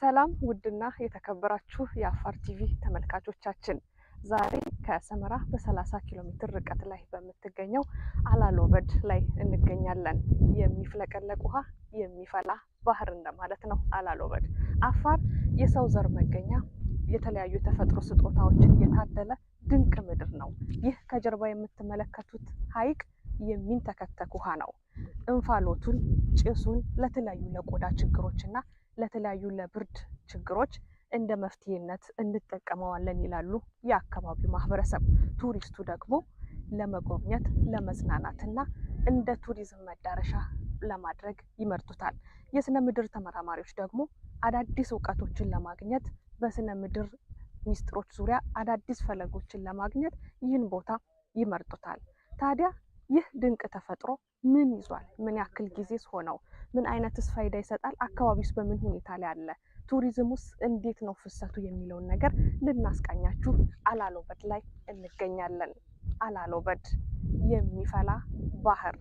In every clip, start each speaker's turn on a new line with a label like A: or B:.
A: ሰላም ውድና የተከበራችሁ የአፋር ቲቪ ተመልካቾቻችን፣ ዛሬ ከሰመራ በ30 ኪሎ ሜትር ርቀት ላይ በምትገኘው አላሎበድ ላይ እንገኛለን። የሚፍለቀለቅ ውሃ የሚፈላ ባህር እንደማለት ነው። አላሎበድ አፋር የሰው ዘር መገኛ፣ የተለያዩ የተፈጥሮ ስጦታዎችን የታደለ ድንቅ ምድር ነው። ይህ ከጀርባ የምትመለከቱት ሐይቅ የሚንተከተክ ውሃ ነው። እንፋሎቱን፣ ጭሱን ለተለያዩ ለቆዳ ችግሮችና ለተለያዩ ለብርድ ችግሮች እንደ መፍትሄነት እንጠቀመዋለን ይላሉ የአካባቢው ማህበረሰብ። ቱሪስቱ ደግሞ ለመጎብኘት ለመዝናናትና እንደ ቱሪዝም መዳረሻ ለማድረግ ይመርጡታል። የስነ ምድር ተመራማሪዎች ደግሞ አዳዲስ እውቀቶችን ለማግኘት በስነ ምድር ሚስጥሮች ዙሪያ አዳዲስ ፈለጎችን ለማግኘት ይህን ቦታ ይመርጡታል። ታዲያ ይህ ድንቅ ተፈጥሮ ምን ይዟል? ምን ያክል ጊዜ ሆነው ምን አይነትስ ፋይዳ ይሰጣል? አካባቢውስ በምን ሁኔታ ላይ አለ? ቱሪዝም ውስጥ እንዴት ነው ፍሰቱ የሚለውን ነገር ልናስቃኛችሁ አላሎበድ ላይ እንገኛለን። አላሎበድ የሚፈላ ባህር፣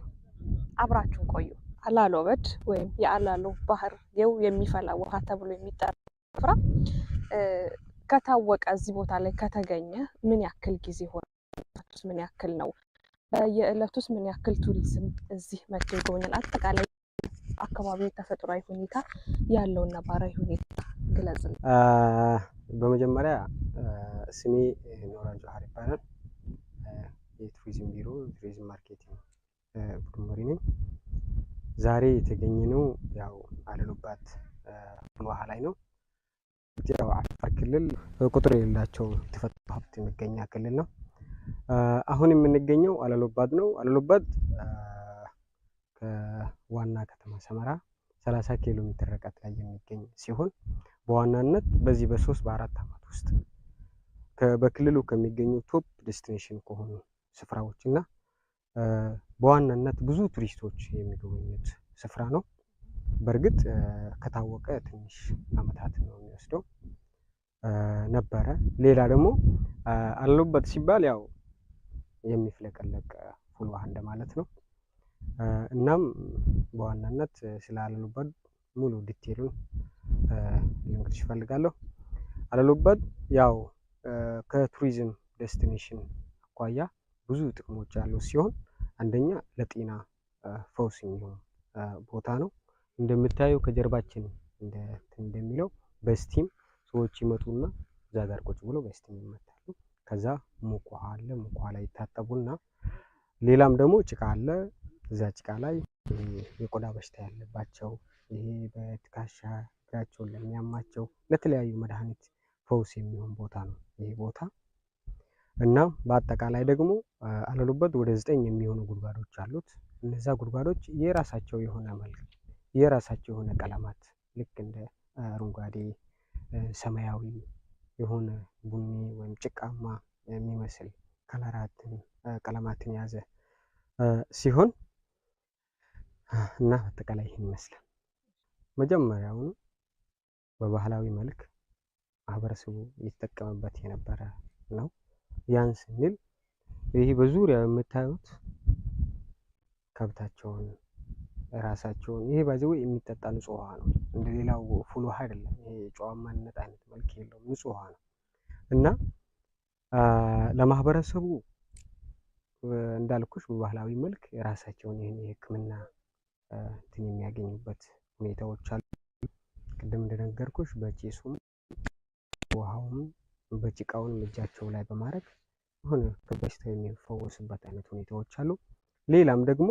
A: አብራችሁን ቆዩ። አላሎበድ ወይም የአላሎ ባህር የው የሚፈላ ውሃ ተብሎ የሚጠራ ስፍራ ከታወቀ እዚህ ቦታ ላይ ከተገኘ ምን ያክል ጊዜ ሆነ? ምን ያክል ነው? በየዕለቱስ ምን ያክል ቱሪዝም እዚህ መጥቶ ይጎበኛል? አጠቃላይ አካባቢ ተፈጥሯዊ ሁኔታ ያለው ነባራዊ ሁኔታ ግለጽ።
B: በመጀመሪያ ስሜ ኖራን ጆሀር ይባላል። የቱሪዝም ቢሮ ቱሪዝም ማርኬቲንግ ቡድን መሪ ነኝ። ዛሬ የተገኘ ነው ያው አለሉባት ውሃ ላይ ነው። ያው አፋር ክልል ቁጥር የሌላቸው ተፈጥሮ ሀብት የሚገኛ ክልል ነው። አሁን የምንገኘው አለሉባት ነው። አለሉባት ከዋና ከተማ ሰመራ 30 ኪሎ ሜትር ርቀት ላይ የሚገኝ ሲሆን በዋናነት በዚህ በሶስት በአራት ዓመት ውስጥ በክልሉ ከሚገኙ ቶፕ ዴስቲኔሽን ከሆኑ ስፍራዎች እና በዋናነት ብዙ ቱሪስቶች የሚጎበኙት ስፍራ ነው። በእርግጥ ከታወቀ ትንሽ ዓመታት ነው የሚወስደው ነበረ። ሌላ ደግሞ አለበት ሲባል ያው የሚፍለቀለቅ ውሃ እንደማለት ነው። እናም በዋናነት ስለ አለሉባድ ሙሉ ዲቴሉን ልንገርሽ እፈልጋለሁ። አለሉባድ ያው ከቱሪዝም ዴስቲኔሽን አኳያ ብዙ ጥቅሞች ያሉት ሲሆን አንደኛ ለጤና ፈውስ የሚሆን ቦታ ነው። እንደምታየው ከጀርባችን እንደሚለው በስቲም ሰዎች ይመጡና እዛ ጋር ቁጭ ብሎ በስቲም ይመታሉ። ከዛ ሙቅ ውሃ አለ፣ ሙቅ ውሃ ላይ ይታጠቡና ሌላም ደግሞ ጭቃ አለ እዛ ጭቃ ላይ የቆዳ በሽታ ያለባቸው ይሄ በትከሻ እግራቸውን ለሚያማቸው ለተለያዩ መድኃኒት ፈውስ የሚሆን ቦታ ነው ይሄ ቦታ እና በአጠቃላይ ደግሞ አለሉበት ወደ ዘጠኝ የሚሆኑ ጉድጓዶች አሉት። እነዛ ጉድጓዶች የራሳቸው የሆነ መልክ የራሳቸው የሆነ ቀለማት ልክ እንደ አረንጓዴ፣ ሰማያዊ የሆነ ቡኒ ወይም ጭቃማ የሚመስል ከለራትን ቀለማትን የያዘ ሲሆን እና በአጠቃላይ ይህን ይመስላል። መጀመሪያውኑ በባህላዊ መልክ ማህበረሰቡ እየተጠቀመበት የነበረ ነው። ያን ስንል ይህ በዙሪያው የምታዩት ከብታቸውን ራሳቸውን ይሄ ባዘው የሚጠጣ ንጹህ ውሃ ነው። እንደ ሌላው ፉል ውሃ አይደለም። ይሄ ጨዋማነት አይነት መልክ የለውም፣ ንጹህ ውሃ ነው እና ለማህበረሰቡ እንዳልኩሽ በባህላዊ መልክ የራሳቸውን ይህን የሕክምና እንትን የሚያገኙበት ሁኔታዎች አሉ። ቅድም እንደነገርኩሽ በጭሱም ውሃውም በጭቃውን እጃቸው ላይ በማድረግ የሆነ ከበሽታው የሚፈወሱበት አይነት ሁኔታዎች አሉ። ሌላም ደግሞ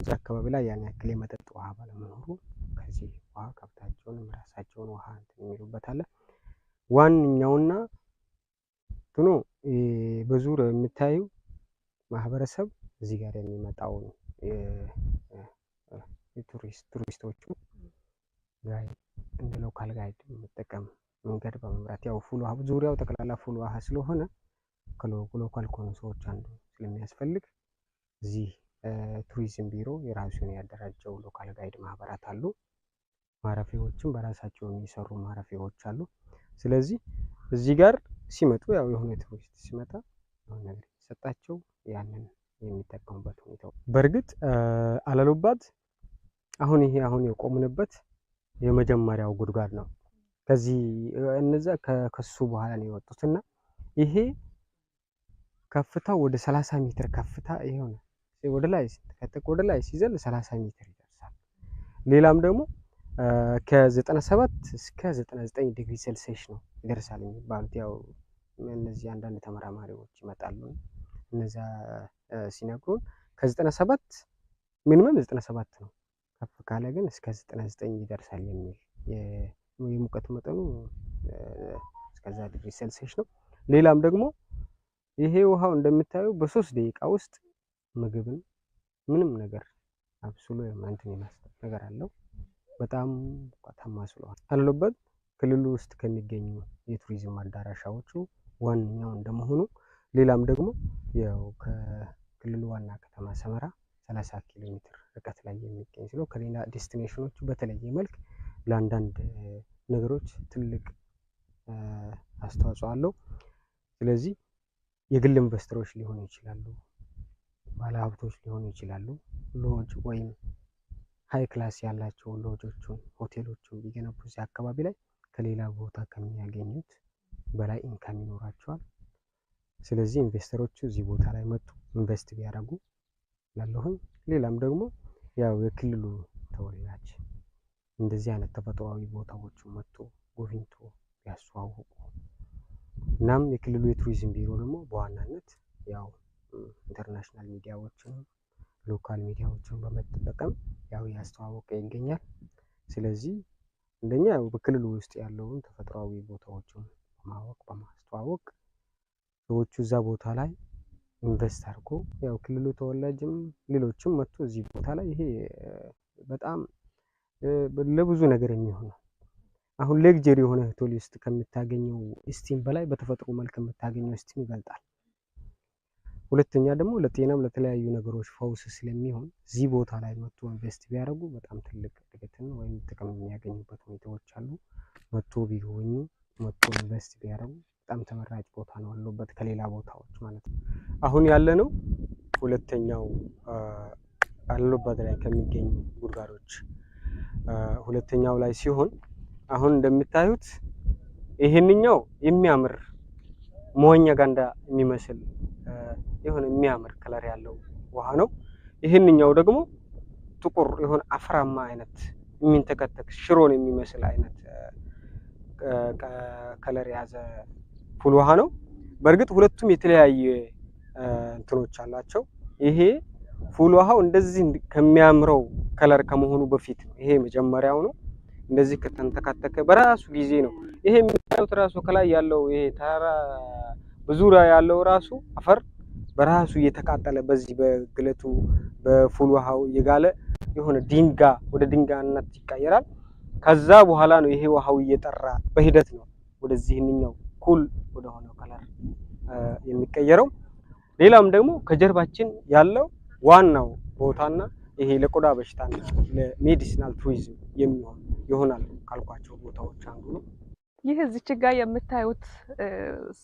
B: እዚህ አካባቢ ላይ ያን ያክል የመጠጥ ውሃ ባለመኖሩ ከዚህ ውሃ ከብታቸውንም ራሳቸውን ውሃ እንትን የሚሉበት አለ። ዋነኛውና ትኖ በዙር የምታዩ ማህበረሰብ እዚህ ጋር የሚመጣው ነው። ቱሪስቶቹ ጋይድ እንደ ሎካል ጋይድ የምጠቀም መንገድ በመምራት ያው ፉል ውሃ ዙሪያው ጠቅላላ ፉል ውሃ ስለሆነ ከሎካል ከሆኑ ሰዎች አንዱ ስለሚያስፈልግ እዚህ ቱሪዝም ቢሮ የራሱን ያደራጀው ሎካል ጋይድ ማህበራት አሉ። ማረፊያዎችም በራሳቸው የሚሰሩ ማረፊያዎች አሉ። ስለዚህ እዚህ ጋር ሲመጡ ያው የሆነ ቱሪስት ሲመጣ የሆነ ነገር ሲሰጣቸው ያንን የሚጠቀሙበት ሁኔታው። በእርግጥ አለሉባት አሁን ይሄ አሁን የቆምንበት የመጀመሪያው ጉድጓድ ነው። ከዚህ እነዚ ከሱ በኋላ ነው የወጡት እና ይሄ ከፍታው ወደ ሰላሳ ሜትር ከፍታ ይሆነ ወደ ላይ ስትከተቅ ወደ ላይ ሲዘል ሰላሳ ሜትር ይደርሳል። ሌላም ደግሞ ከዘጠና ሰባት እስከ ዘጠና ዘጠኝ ዲግሪ ሴልሲየስ ነው ይደርሳል የሚባሉት ያው እነዚህ አንዳንድ ተመራማሪዎች ይመጣሉ። እነዚያ ሲነግሩን ከ97 ሚኒመም 97 ነው። ከፍ ካለ ግን እስከ 99 ይደርሳል የሚል የሙቀት መጠኑ እስከዛ ዲግሪ ሴልሲየስ ነው። ሌላም ደግሞ ይሄ ውሃው እንደምታየው በሶስት ደቂቃ ውስጥ ምግብን ምንም ነገር አብስሎ የማንትን የማስጠት ነገር አለው። በጣም ሙቀታማ ስለሆነ አለበት ክልሉ ውስጥ ከሚገኙ የቱሪዝም አዳራሻዎቹ ዋነኛው እንደመሆኑ ሌላም ደግሞ ያው ከክልሉ ዋና ከተማ ሰመራ 30 ኪሎ ሜትር ርቀት ላይ የሚገኝ ሲሆን ከሌላ ዴስቲኔሽኖቹ በተለየ መልክ ለአንዳንድ ነገሮች ትልቅ አስተዋጽኦ አለው። ስለዚህ የግል ኢንቨስተሮች ሊሆኑ ይችላሉ፣ ባለሀብቶች ሊሆኑ ይችላሉ። ሎጅ ወይም ሀይ ክላስ ያላቸው ሎጆቹን ሆቴሎቹን ቢገነቡ እዚህ አካባቢ ላይ ከሌላ ቦታ ከሚያገኙት በላይ ኢንካም ይኖራቸዋል። ስለዚህ ኢንቨስተሮቹ እዚህ ቦታ ላይ መጡ ኢንቨስት ቢያደርጉ ላለሁኝ። ሌላም ደግሞ ያው የክልሉ ተወላጅ እንደዚህ አይነት ተፈጥሯዊ ቦታዎቹ መጥቶ ጎብኝቶ ቢያስተዋውቁ። እናም የክልሉ የቱሪዝም ቢሮ ደግሞ በዋናነት ያው ኢንተርናሽናል ሚዲያዎችን ሎካል ሚዲያዎችን በመጠቀም ያው ያስተዋወቀ ይገኛል። ስለዚህ ያው በክልሉ ውስጥ ያለውን ተፈጥሯዊ ቦታዎችን በማወቅ በማስተዋወቅ ሰዎቹ እዛ ቦታ ላይ ኢንቨስት አድርጎ ያው ክልሉ ተወላጅም ሌሎችም መጥቶ እዚህ ቦታ ላይ ይሄ በጣም ለብዙ ነገር የሚሆነው አሁን ሌግጀሪ የሆነ ሆቴል ውስጥ ከምታገኘው ስቲም በላይ በተፈጥሮ መልክ የምታገኘው ስቲም ይበልጣል። ሁለተኛ ደግሞ ለጤናም ለተለያዩ ነገሮች ፈውስ ስለሚሆን እዚህ ቦታ ላይ መጥቶ ኢንቨስት ቢያደርጉ በጣም ትልቅ እድገትን ወይም ጥቅም የሚያገኙበት ሁኔታዎች አሉ። መጥቶ ቢጎበኙ፣ መጥቶ ኢንቨስት ቢያደርጉ በጣም ተመራጭ ቦታ ነው ያለሁበት ከሌላ ቦታዎች ማለት ነው። አሁን ያለነው ሁለተኛው አለሁበት ላይ ከሚገኙ ጉድጓዶች ሁለተኛው ላይ ሲሆን አሁን እንደምታዩት ይህንኛው የሚያምር መሆኛ ጋንዳ የሚመስል የሆነ የሚያምር ከለር ያለው ውሃ ነው። ይህንኛው ደግሞ ጥቁር የሆነ አፈራማ አይነት የሚንተከተክ ሽሮን የሚመስል አይነት ከለር የያዘ ፑል ውሃ ነው። በእርግጥ ሁለቱም የተለያየ እንትኖች አላቸው። ይሄ ፉል ውሃው እንደዚህ ከሚያምረው ከለር ከመሆኑ በፊት ነው። ይሄ መጀመሪያው ነው። እንደዚህ ከተንተካተከ በራሱ ጊዜ ነው። ይሄ የሚታዩት ራሱ ከላይ ያለው ይሄ ተራራ በዙሪያ ያለው ራሱ አፈር በራሱ እየተቃጠለ በዚህ በግለቱ በፉል ውሃው እየጋለ የሆነ ድንጋ ወደ ድንጋነት ይቀየራል። ከዛ በኋላ ነው ይሄ ውሃው እየጠራ በሂደት ነው ወደዚህኛው ኩል ወደሆነው ከለር የሚቀየረው። ሌላም ደግሞ ከጀርባችን ያለው ዋናው ቦታና ይሄ ለቆዳ በሽታና ለሜዲሲናል ቱሪዝም የሚሆን ይሆናል ካልኳቸው ቦታዎች አንዱ ነው።
A: ይህ እዚች ጋር የምታዩት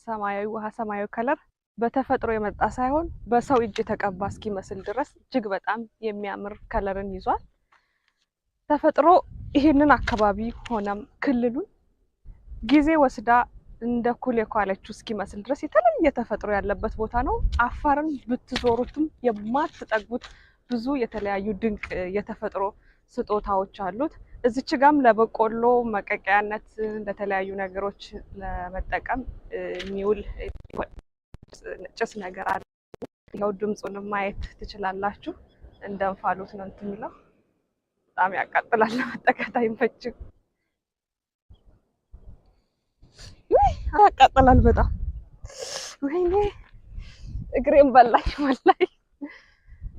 A: ሰማያዊ ውሃ ሰማያዊ ከለር በተፈጥሮ የመጣ ሳይሆን በሰው እጅ የተቀባ እስኪመስል ድረስ እጅግ በጣም የሚያምር ከለርን ይዟል። ተፈጥሮ ይህንን አካባቢ ሆነም ክልሉን ጊዜ ወስዳ እንደ ኩሌ ኳለችው እስኪመስል ድረስ የተለየ ተፈጥሮ ያለበት ቦታ ነው። አፋርን ብትዞሩትም የማትጠግቡት ብዙ የተለያዩ ድንቅ የተፈጥሮ ስጦታዎች አሉት። እዚች ጋም ለበቆሎ መቀቀያነት ለተለያዩ ነገሮች ለመጠቀም የሚውል ጭስ ነገር አለ። ይኸው ድምፁን ማየት ትችላላችሁ። እንደ እንፋሎት ነው እንትን የሚለው በጣም ያቃጥላል። ለመጠቀት አይመችም። ያቃጠላል በጣም ወይኔ እግሬን በላሽ በላይ።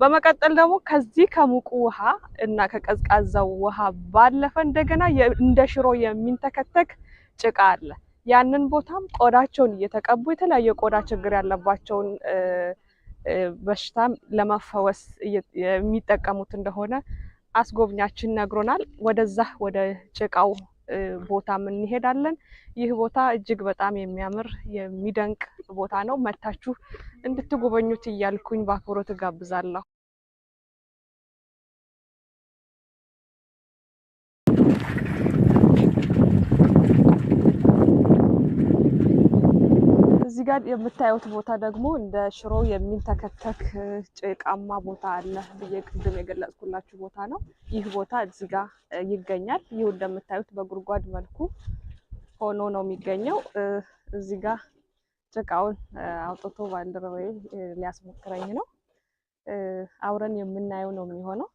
A: በመቀጠል ደግሞ ከዚህ ከሙቁ ውሃ እና ከቀዝቃዛው ውሃ ባለፈ እንደገና እንደ ሽሮ የሚንተከተክ ጭቃ አለ። ያንን ቦታም ቆዳቸውን እየተቀቡ የተለያየ ቆዳ ችግር ያለባቸውን በሽታም ለመፈወስ የሚጠቀሙት እንደሆነ አስጎብኛችን ነግሮናል። ወደዛ ወደ ጭቃው ምን እንሄዳለን። ይህ ቦታ እጅግ በጣም የሚያምር የሚደንቅ ቦታ ነው። መታችሁ እንድትጎበኙት እያልኩኝ በአክብሮት እጋብዛለሁ። እዚህ ጋር የምታዩት ቦታ ደግሞ እንደ ሽሮ የሚንተከተክ ጭቃማ ቦታ አለ ብዬ ቅድም የገለጽኩላችሁ ቦታ ነው። ይህ ቦታ እዚህ ጋር ይገኛል። ይህ እንደምታዩት በጉድጓድ መልኩ ሆኖ ነው የሚገኘው። እዚህ ጋር ጭቃውን አውጥቶ ባልደረባዬ ሊያስሞክረኝ ነው። አብረን የምናየው ነው የሚሆነው።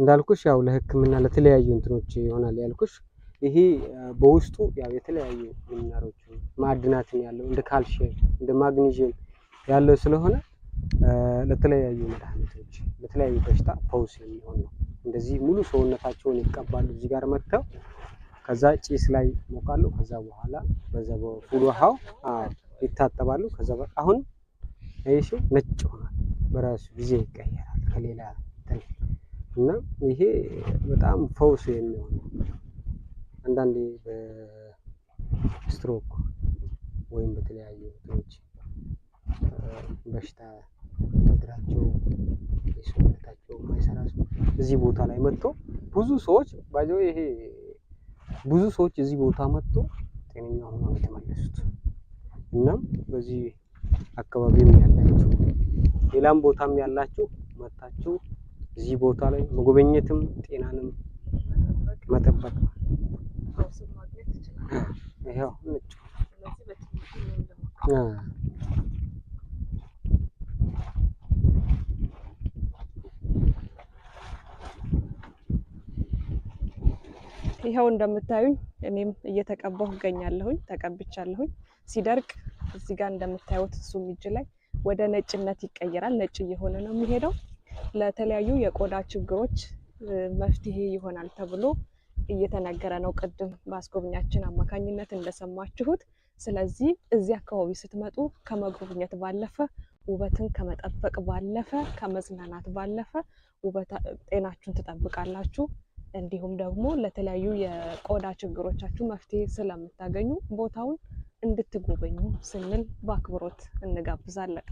B: እንዳልኩሽ ያው ለሕክምና ለተለያዩ እንትኖች ይሆናል ያልኩሽ ይሄ በውስጡ ያው የተለያዩ ሚኒራሎችን ማዕድናትን ያለው እንደ ካልሽየም እንደ ማግኒዥየም ያለው ስለሆነ ለተለያዩ መድኃኒቶች ለተለያዩ በሽታ ፈውስ የሚሆን ነው። እንደዚህ ሙሉ ሰውነታቸውን ይቀባሉ። እዚህ ጋር መጥተው ከዛ ጭስ ላይ ይሞቃሉ። ከዛ በኋላ በዛ በፉል ውሃው ይታጠባሉ። ከዛ አሁን ይሽ ነጭ ሆናል። በራሱ ጊዜ ይቀየራል ከሌላ እና ይሄ በጣም ፈውስ የሚሆን ነው። አንዳንዴ በስትሮክ ወይም በተለያዩ እንትኖች በሽታ እግራቸው የሰውነታቸው የማይሰራ ሰው እዚህ ቦታ ላይ መጥቶ ብዙ ሰዎች ባይዘው ይሄ ብዙ ሰዎች እዚህ ቦታ መጥቶ ጤነኛ ሆነው የተመለሱት። እናም በዚህ አካባቢም ያላችሁ ሌላም ቦታም ያላችሁ መጥታችሁ እዚህ ቦታ ላይ መጎበኘትም ጤናንም መጠበቅ ይኸው ምቹ
A: ይኸው እንደምታዩኝ እኔም እየተቀባሁ እገኛለሁኝ። ተቀብቻለሁኝ። ሲደርቅ እዚህ ጋር እንደምታዩት እሱም እጅ ላይ ወደ ነጭነት ይቀየራል። ነጭ እየሆነ ነው የሚሄደው። ለተለያዩ የቆዳ ችግሮች መፍትሄ ይሆናል ተብሎ እየተነገረ ነው። ቅድም በአስጎብኛችን አማካኝነት እንደሰማችሁት። ስለዚህ እዚህ አካባቢ ስትመጡ ከመጎብኘት ባለፈ ውበትን ከመጠበቅ ባለፈ ከመዝናናት ባለፈ ጤናችሁን ትጠብቃላችሁ። እንዲሁም ደግሞ ለተለያዩ የቆዳ ችግሮቻችሁ መፍትሄ ስለምታገኙ ቦታውን እንድትጎበኙ ስንል በአክብሮት እንጋብዛለን።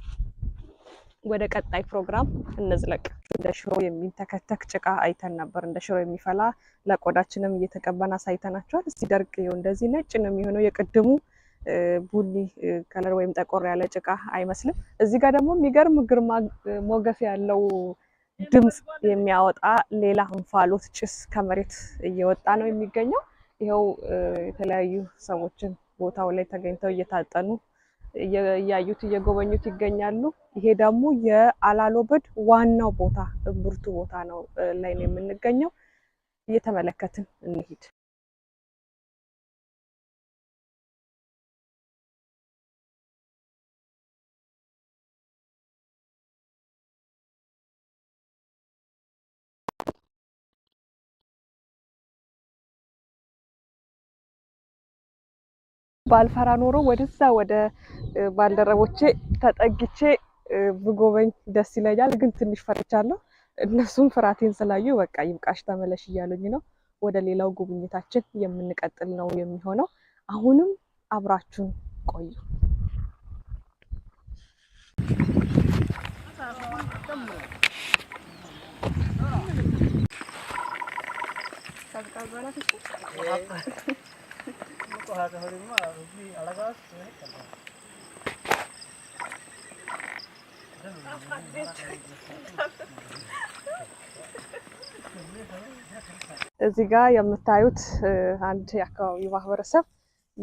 A: ወደ ቀጣይ ፕሮግራም እንዝለቅ። እንደ ሽሮ የሚንተከተክ ጭቃ አይተን ነበር። እንደ ሽሮ የሚፈላ ለቆዳችንም እየተቀባን አሳይተናቸዋል። ሲደርቅ እንደዚህ ነጭ ነው የሚሆነው። የቅድሙ ቡኒ ከለር ወይም ጠቆር ያለ ጭቃ አይመስልም። እዚህ ጋር ደግሞ የሚገርም ግርማ ሞገስ ያለው ድምፅ የሚያወጣ ሌላ እንፋሎት ጭስ ከመሬት እየወጣ ነው የሚገኘው። ይኸው የተለያዩ ሰዎችን ቦታው ላይ ተገኝተው እየታጠኑ እያዩት እየጎበኙት ይገኛሉ። ይሄ ደግሞ የአላሎበድ ዋናው ቦታ ብርቱ ቦታ ነው ላይ ነው የምንገኘው። እየተመለከትን እንሂድ። ባልፈራ ኖሮ ወደዛ ወደ ባልደረቦቼ ተጠግቼ ብጎበኝ ደስ ይለኛል፣ ግን ትንሽ ፈርቻለሁ። እነሱም ፍርሃቴን ስላዩ በቃ ይብቃሽ ተመለሽ እያሉኝ ነው። ወደ ሌላው ጉብኝታችን የምንቀጥል ነው የሚሆነው። አሁንም አብራችሁን ቆዩ። እዚህ ጋር የምታዩት አንድ የአካባቢው ማህበረሰብ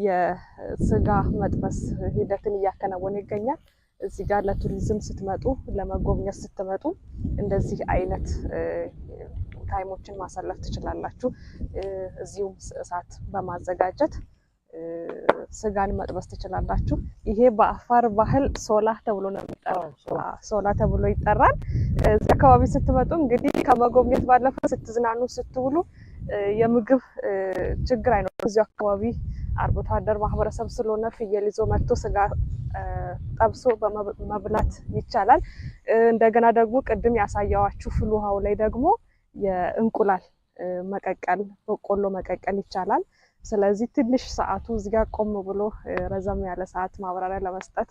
A: የስጋ መጥበስ ሂደትን እያከናወነ ይገኛል። እዚህ ጋር ለቱሪዝም ስትመጡ ለመጎብኘት ስትመጡ እንደዚህ አይነት ታይሞችን ማሳለፍ ትችላላችሁ። እዚሁም እሳት በማዘጋጀት ስጋን መጥበስ ትችላላችሁ። ይሄ በአፋር ባህል ሶላ ተብሎ ነው የሚጠራው። ሶላ ተብሎ ይጠራል። እዚህ አካባቢ ስትመጡ እንግዲህ ከመጎብኘት ባለፈ ስትዝናኑ ስትውሉ የምግብ ችግር አይኖርም። እዚሁ አካባቢ አርብቶ አደር ማህበረሰብ ስለሆነ ፍየል ይዞ መጥቶ ስጋ ጠብሶ መብላት ይቻላል። እንደገና ደግሞ ቅድም ያሳያዋችሁ ፍል ውሃው ላይ ደግሞ የእንቁላል መቀቀል በቆሎ መቀቀል ይቻላል። ስለዚህ ትንሽ ሰዓቱ እዚጋ ቆም ብሎ ረዘም ያለ ሰዓት ማብራሪያ ለመስጠት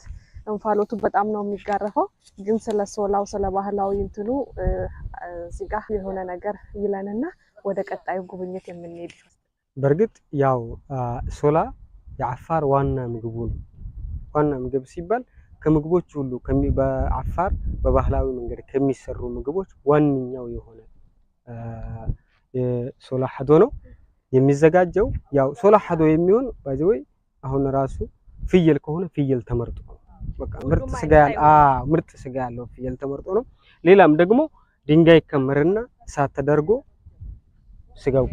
A: እንፋሎቱ በጣም ነው የሚጋረፈው፣ ግን ስለ ሶላው ስለ ባህላዊ እንትኑ እዚጋ የሆነ ነገር ይለንና ወደ ቀጣዩ ጉብኝት የምንሄድ።
B: በእርግጥ ያው ሶላ የአፋር ዋና ምግቡ ነው። ዋና ምግብ ሲባል ከምግቦች ሁሉ በአፋር በባህላዊ መንገድ ከሚሰሩ ምግቦች ዋነኛው የሆነ የሶላ ሀዶ ነው። የሚዘጋጀው ያው ሶላህ ሀዶ የሚሆን ባይዘወይ አሁን ራሱ ፍየል ከሆነ ፍየል ተመርጦ ነው። በቃ ምርጥ ስጋ ያለው አ ምርጥ ስጋ ያለው ፍየል ተመርጦ ነው። ሌላም ደግሞ ድንጋይ ከምርና እሳት ተደርጎ ስጋው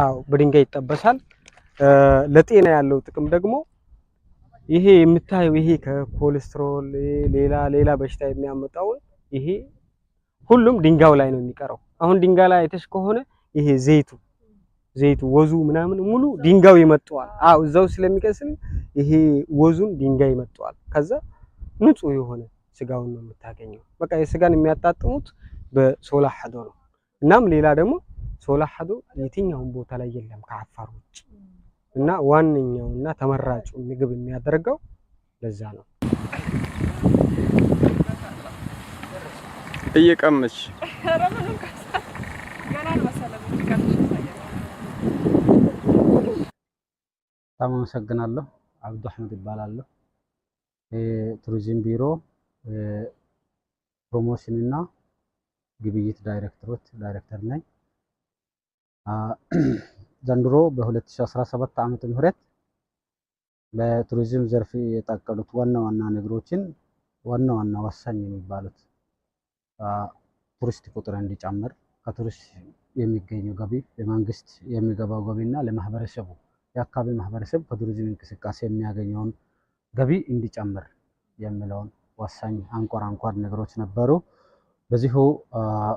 B: አዎ በድንጋይ ይጠበሳል። ለጤና ያለው ጥቅም ደግሞ ይሄ የምታየው ይሄ ከኮሌስትሮል ሌላ ሌላ በሽታ የሚያመጣውን ይሄ ሁሉም ድንጋው ላይ ነው የሚቀረው። አሁን ድንጋይ ላይ አይተሽ ከሆነ ይሄ ዘይቱ ዘይቱ ወዙ ምናምን ሙሉ ድንጋዩ ይመጣዋል። አው እዛው ስለሚቀስል ይሄ ወዙን ድንጋይ ይመጣዋል። ከዛ ንጹህ የሆነ ስጋውን ነው የምታገኘው። በቃ የስጋን የሚያጣጥሙት በሶላ ሐዶ ነው። እናም ሌላ ደግሞ ሶላ ሐዶ የትኛውን ቦታ ላይ የለም ከአፋር ውጭ እና ዋነኛውና ተመራጩ ምግብ የሚያደርገው ለዛ ነው። እየቀመች በጣም አመሰግናለሁ። አብዱ አህመድ ይባላለሁ። የቱሪዝም ቢሮ ፕሮሞሽን እና ግብይት ዳይሬክተሮች ዳይሬክተር ነኝ። ዘንድሮ በ2017 ዓመተ ምህረት በቱሪዝም ዘርፍ የታቀዱት ዋና ዋና ነገሮችን ዋና ዋና ወሳኝ የሚባሉት ቱሪስት ቁጥር እንዲጨምር ከቱሪስት የሚገኘው ገቢ ለመንግስት የሚገባው ገቢና ለማህበረሰቡ የአካባቢ ማህበረሰብ ከቱሪዝም እንቅስቃሴ የሚያገኘውን ገቢ እንዲጨምር የሚለውን ወሳኝ አንኳር አንኳር ነገሮች ነበሩ። በዚሁ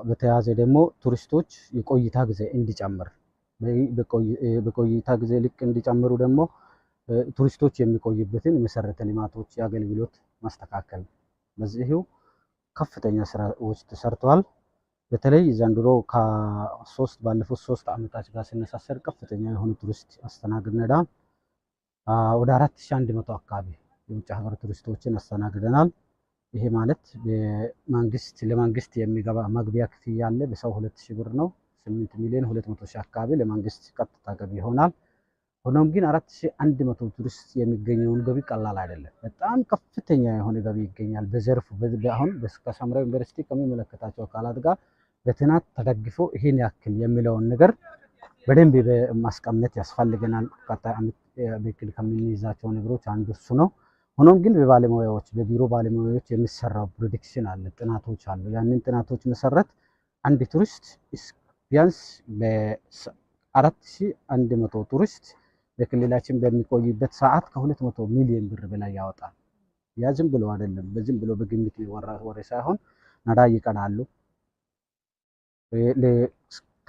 B: በተያያዘ ደግሞ ቱሪስቶች የቆይታ ጊዜ እንዲጨምር በቆይታ ጊዜ ልክ እንዲጨምሩ ደግሞ ቱሪስቶች የሚቆይበትን የመሰረተ ልማቶች የአገልግሎት ማስተካከል በዚሁ ከፍተኛ ስራዎች ተሰርተዋል። በተለይ ዘንድሮ ከሶስት ባለፉት ሶስት ዓመታት ጋር ሲነሳሰር ከፍተኛ የሆኑ ቱሪስት አስተናግደና ወደ አራት ሺ አንድ መቶ አካባቢ የውጭ ሀገር ቱሪስቶችን አስተናግደናል። ይሄ ማለት መንግስት ለመንግስት የሚገባ መግቢያ ክፍያ አለ። በሰው ሁለት ሺ ብር ነው። ስምንት ሚሊዮን ሁለት መቶ ሺ አካባቢ ለመንግስት ቀጥታ ገቢ ይሆናል። ሆኖም ግን አራት ሺ አንድ መቶ ቱሪስት የሚገኘውን ገቢ ቀላል አይደለም። በጣም ከፍተኛ የሆነ ገቢ ይገኛል። በዘርፉ አሁን ከሰምራ ዩኒቨርሲቲ ከሚመለከታቸው አካላት ጋር በጥናት ተደግፎ ይሄን ያክል የሚለውን ነገር በደንብ ማስቀመጥ ያስፈልገናል። ቀጣይ ዓመት ከምንይዛቸው ነገሮች አንዱ እሱ ነው። ሆኖም ግን በባለሙያዎች በቢሮ ባለሙያዎች የሚሰራው ፕሮዲክሽን አለ፣ ጥናቶች አሉ። ያንን ጥናቶች መሰረት አንድ ቱሪስት ቢያንስ በአራት ሺ አንድ መቶ ቱሪስት በክልላችን በሚቆይበት ሰዓት ከሁለት መቶ ሚሊዮን ብር በላይ ያወጣል። ያ ዝም ብሎ አይደለም፣ በዝም ብሎ በግምት ወሬ ሳይሆን ናዳ ይቀዳሉ።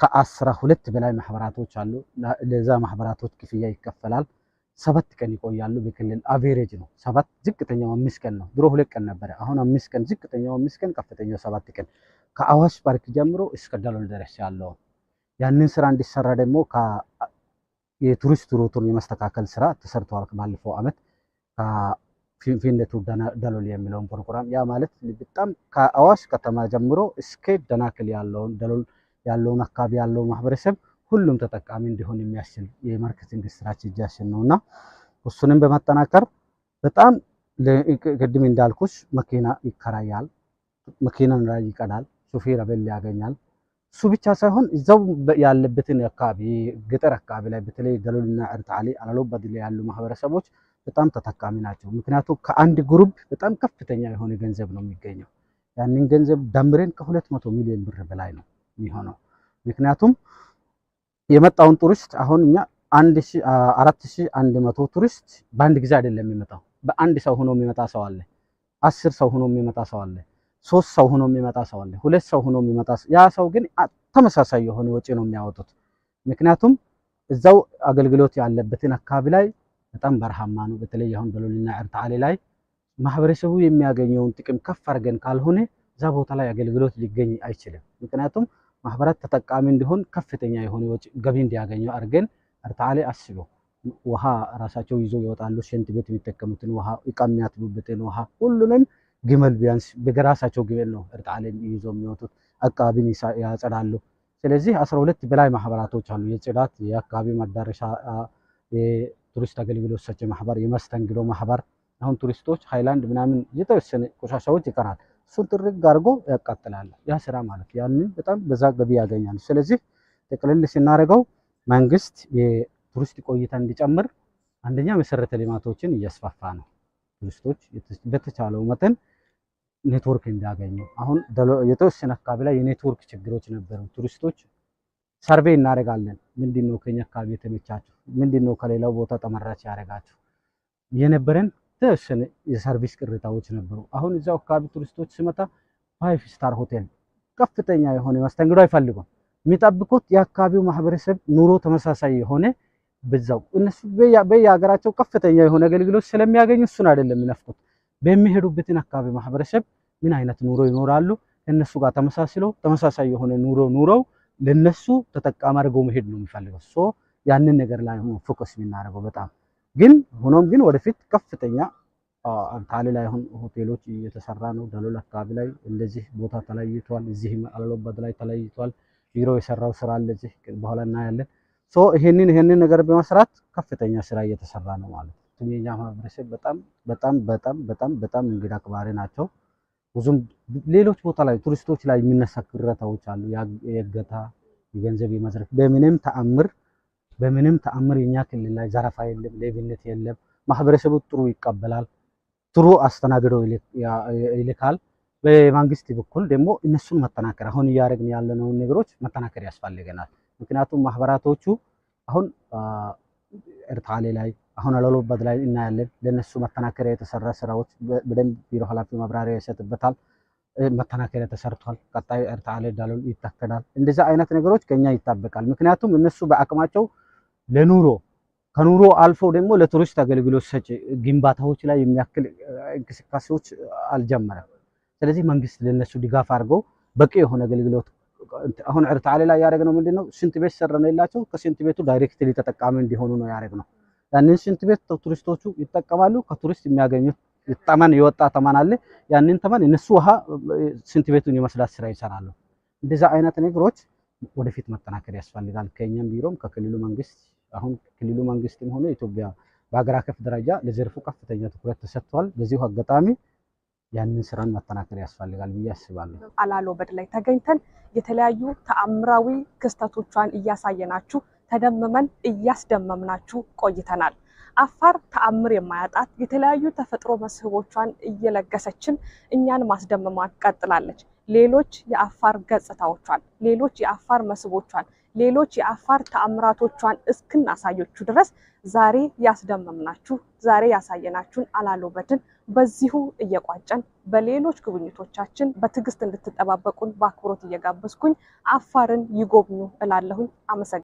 B: ከአስራ ሁለት በላይ ማህበራቶች አሉ። ለዛ ማህበራቶች ክፍያ ይከፈላል። ሰባት ቀን ይቆያሉ። በክልል አቬሬጅ ነው ሰባት ዝቅተኛው አምስት ቀን ነው። ድሮ ሁለት ቀን ነበረ። አሁን አምስት ቀን ዝቅተኛው አምስት ቀን ከፍተኛው ሰባት ቀን ከአዋሽ ፓርክ ጀምሮ እስከ ዳሎል ድረስ ያለው ያንን ስራ እንዲሰራ ደግሞ የቱሪስት ሩቱን የመስተካከል ስራ ተሰርተዋል ባለፈው አመት ፊንፊኔ ቱ ደሎል የሚለውን ፕሮግራም ያ ማለት በጣም ከአዋሽ ከተማ ጀምሮ እስከ ደናክል ያለውን ደሎል ያለውን አካባቢ ያለው ማህበረሰብ ሁሉም ተጠቃሚ እንዲሆን የሚያስችል የማርኬቲንግ ስትራቴጂያችን ነው እና እሱንም በማጠናከር በጣም ቅድም እንዳልኩሽ መኪና ይከራያል፣ መኪናን ላይ ይቀዳል፣ ሹፌር አበል ያገኛል። እሱ ብቻ ሳይሆን እዛው ያለበትን አካባቢ ገጠር አካባቢ ላይ በተለይ ደሎልና ኤርታሌ አላሎ በድላ ያሉ ማህበረሰቦች በጣም ተጠቃሚ ናቸው። ምክንያቱም ከአንድ ግሩፕ በጣም ከፍተኛ የሆነ ገንዘብ ነው የሚገኘው። ያንን ገንዘብ ዳምረን ከሁለት መቶ ሚሊዮን ብር በላይ ነው የሚሆነው። ምክንያቱም የመጣውን ቱሪስት አሁን እኛ አራት አንድ መቶ ቱሪስት በአንድ ጊዜ አይደለም የሚመጣው። በአንድ ሰው ሆኖ የሚመጣ ሰው አለ፣ አስር ሰው ሆኖ የሚመጣ ሰው አለ፣ ሶስት ሰው ሆኖ የሚመጣ ሰው አለ፣ ሁለት ሰው ሆኖ የሚመጣ ያ ሰው ግን ተመሳሳይ የሆነ ወጪ ነው የሚያወጡት። ምክንያቱም እዛው አገልግሎት ያለበትን አካባቢ ላይ በጣም በረሃማ ነው። በተለይ አሁን በሎሊና ኤርታሌ ላይ ማህበረሰቡ የሚያገኘውን ጥቅም ከፍ አድርገን ካልሆነ እዛ ቦታ ላይ አገልግሎት ሊገኝ አይችልም። ምክንያቱም ማህበራት ተጠቃሚ እንዲሆን ከፍተኛ የሆነ ገቢ እንዲያገኙ አድርገን ኤርታሌ አስቦ ውሃ ራሳቸው ይዞ ይወጣሉ። ሽንት ቤት የሚጠቀሙትን ውሃ፣ እቃ የሚያጥቡበትን ውሃ፣ ሁሉንም ግመል ቢያንስ በገራሳቸው ግመል ነው ኤርታሌ ይዞ የሚወጡት። አካባቢን ያጸዳሉ። ስለዚህ አስራ ሁለት በላይ ማህበራቶች አሉ። የጽዳት የአካባቢ ማዳረሻ ቱሪስት አገልግሎት ሰጪ ማህበር፣ የመስተንግዶ ማህበር አሁን ቱሪስቶች ሃይላንድ ምናምን የተወሰነ ቆሻሻዎች ይቀራል። እሱን ጥርግ አድርጎ ያቃጥላል። ያ ስራ ማለት ያንን በጣም በዛ ገቢ ያገኛል። ስለዚህ ጥቅልል ስናደርገው መንግስት የቱሪስት ቆይታ እንዲጨምር አንደኛ መሰረተ ልማቶችን እያስፋፋ ነው። ቱሪስቶች በተቻለው መጠን ኔትወርክ እንዲያገኙ አሁን የተወሰነ አካባቢ ላይ የኔትወርክ ችግሮች ነበሩ። ቱሪስቶች ሰርቬይ እናደርጋለን። ምንድን ነው ከኛ አካባቢ የተመቻችሁ? ምንድን ነው ከሌላው ቦታ ጠመራች ያደረጋችሁ? የነበረን ተወሰነ የሰርቪስ ቅሬታዎች ነበሩ። አሁን እዚያው አካባቢ ቱሪስቶች ሲመጣ ፋይፍ ስታር ሆቴል ከፍተኛ የሆነ መስተንግዶ አይፈልጉም። የሚጠብቁት የአካባቢው ማህበረሰብ ኑሮ ተመሳሳይ የሆነ በዛው እነሱ በየሀገራቸው ከፍተኛ የሆነ አገልግሎት ስለሚያገኙ እሱን አይደለም የሚነፍቁት። በሚሄዱበትን አካባቢ ማህበረሰብ ምን አይነት ኑሮ ይኖራሉ ከእነሱ ጋር ተመሳስለው ተመሳሳይ የሆነ ኑሮ ኑረው ለነሱ ተጠቃሚ አድርገው መሄድ ነው የሚፈልገው። ሶ ያንን ነገር ላይ ነው ፎከስ የምናደርገው በጣም ግን ሆኖም ግን ወደፊት ከፍተኛ ታሌ ላይ አሁን ሆቴሎች እየተሰራ ነው። ደሎል አካባቢ ላይ እንደዚህ ቦታ ተለይቷል። እዚህ አለሎበት ላይ ተለይቷል። ቢሮ የሰራው ስራ እንደዚህ በኋላ እናያለን። ሶ ይሄንን ይሄንን ነገር በመስራት ከፍተኛ ስራ እየተሰራ ነው ማለት ነው። የኛ ማህበረሰብ በጣም በጣም በጣም በጣም በጣም እንግዳ አክባሪ ናቸው። ብዙም ሌሎች ቦታ ላይ ቱሪስቶች ላይ የሚነሳ ክረታዎች አሉ። የእገታ የገንዘብ የመዝረፍ በምንም ተአምር በምንም ተአምር የኛ ክልል ላይ ዘረፋ የለም፣ ሌብነት የለም። ማህበረሰቡ ጥሩ ይቀበላል፣ ጥሩ አስተናግዶ ይልካል። በመንግስት በኩል ደግሞ እነሱን መጠናከር አሁን እያደረግን ያለነውን ነገሮች መጠናከር ያስፈልገናል። ምክንያቱም ማህበራቶቹ አሁን ኤርታሌ ላይ አሁን አለሎበት ላይ እናያለን። ለነሱ መተናከሪያ የተሰራ ስራዎች በደንብ ቢሮ ኃላፊ መብራሪያ ይሰጥበታል። መተናከሪያ ተሰርቷል። ቀጣይ ኤርትራ ላይ ዳሎል ይተከላል። እንደዚህ አይነት ነገሮች ከኛ ይጠበቃል። ምክንያቱም እነሱ በአቅማቸው ለኑሮ ከኑሮ አልፎ ደግሞ ለቱሪስት አገልግሎት ሰጪ ግንባታዎች ላይ የሚያክል እንቅስቃሴዎች አልጀመረም። ስለዚህ መንግስት ለነሱ ድጋፍ አድርጎ በቂ የሆነ አገልግሎት አሁን ኤርትራ ላይ ያደረግነው ምንድነው? ሽንት ቤት ሰረነላቸው። የላቸው ከሽንት ቤቱ ዳይሬክትሊ ተጠቃሚ እንዲሆኑ ነው ያደረግነው። ያንን ሽንት ቤት ቱሪስቶቹ ይጠቀማሉ። ከቱሪስት የሚያገኙት ተመን የወጣ ተመን አለ። ያንን ተመን እነሱ ውሃ ሽንት ቤቱን የመስላት ስራ ይሰራሉ። እንደዛ አይነት ነገሮች ወደፊት መጠናከር ያስፈልጋል። ከኛም ቢሮም ከክልሉ መንግስት አሁን ክልሉ መንግስትም ሆነ ኢትዮጵያ በሀገር አቀፍ ደረጃ ለዘርፉ ከፍተኛ ትኩረት ተሰጥቷል። በዚሁ አጋጣሚ ያንን ስራን መጠናከር ያስፈልጋል ብዬ አስባለሁ።
A: አላሎበድ ላይ ተገኝተን የተለያዩ ተአምራዊ ክስተቶቿን እያሳየናችሁ ተደምመን እያስደመምናችሁ ቆይተናል። አፋር ተአምር የማያጣት የተለያዩ ተፈጥሮ መስህቦቿን እየለገሰችን እኛን ማስደመሟን ቀጥላለች። ሌሎች የአፋር ገጽታዎቿን፣ ሌሎች የአፋር መስህቦቿን፣ ሌሎች የአፋር ተአምራቶቿን እስክናሳዮቹ ድረስ ዛሬ ያስደመምናችሁ ዛሬ ያሳየናችሁን አላሎበድን በዚሁ እየቋጨን በሌሎች ጉብኝቶቻችን በትዕግስት እንድትጠባበቁን በአክብሮት እየጋበዝኩኝ አፋርን ይጎብኙ እላለሁኝ። አመሰግናለሁ።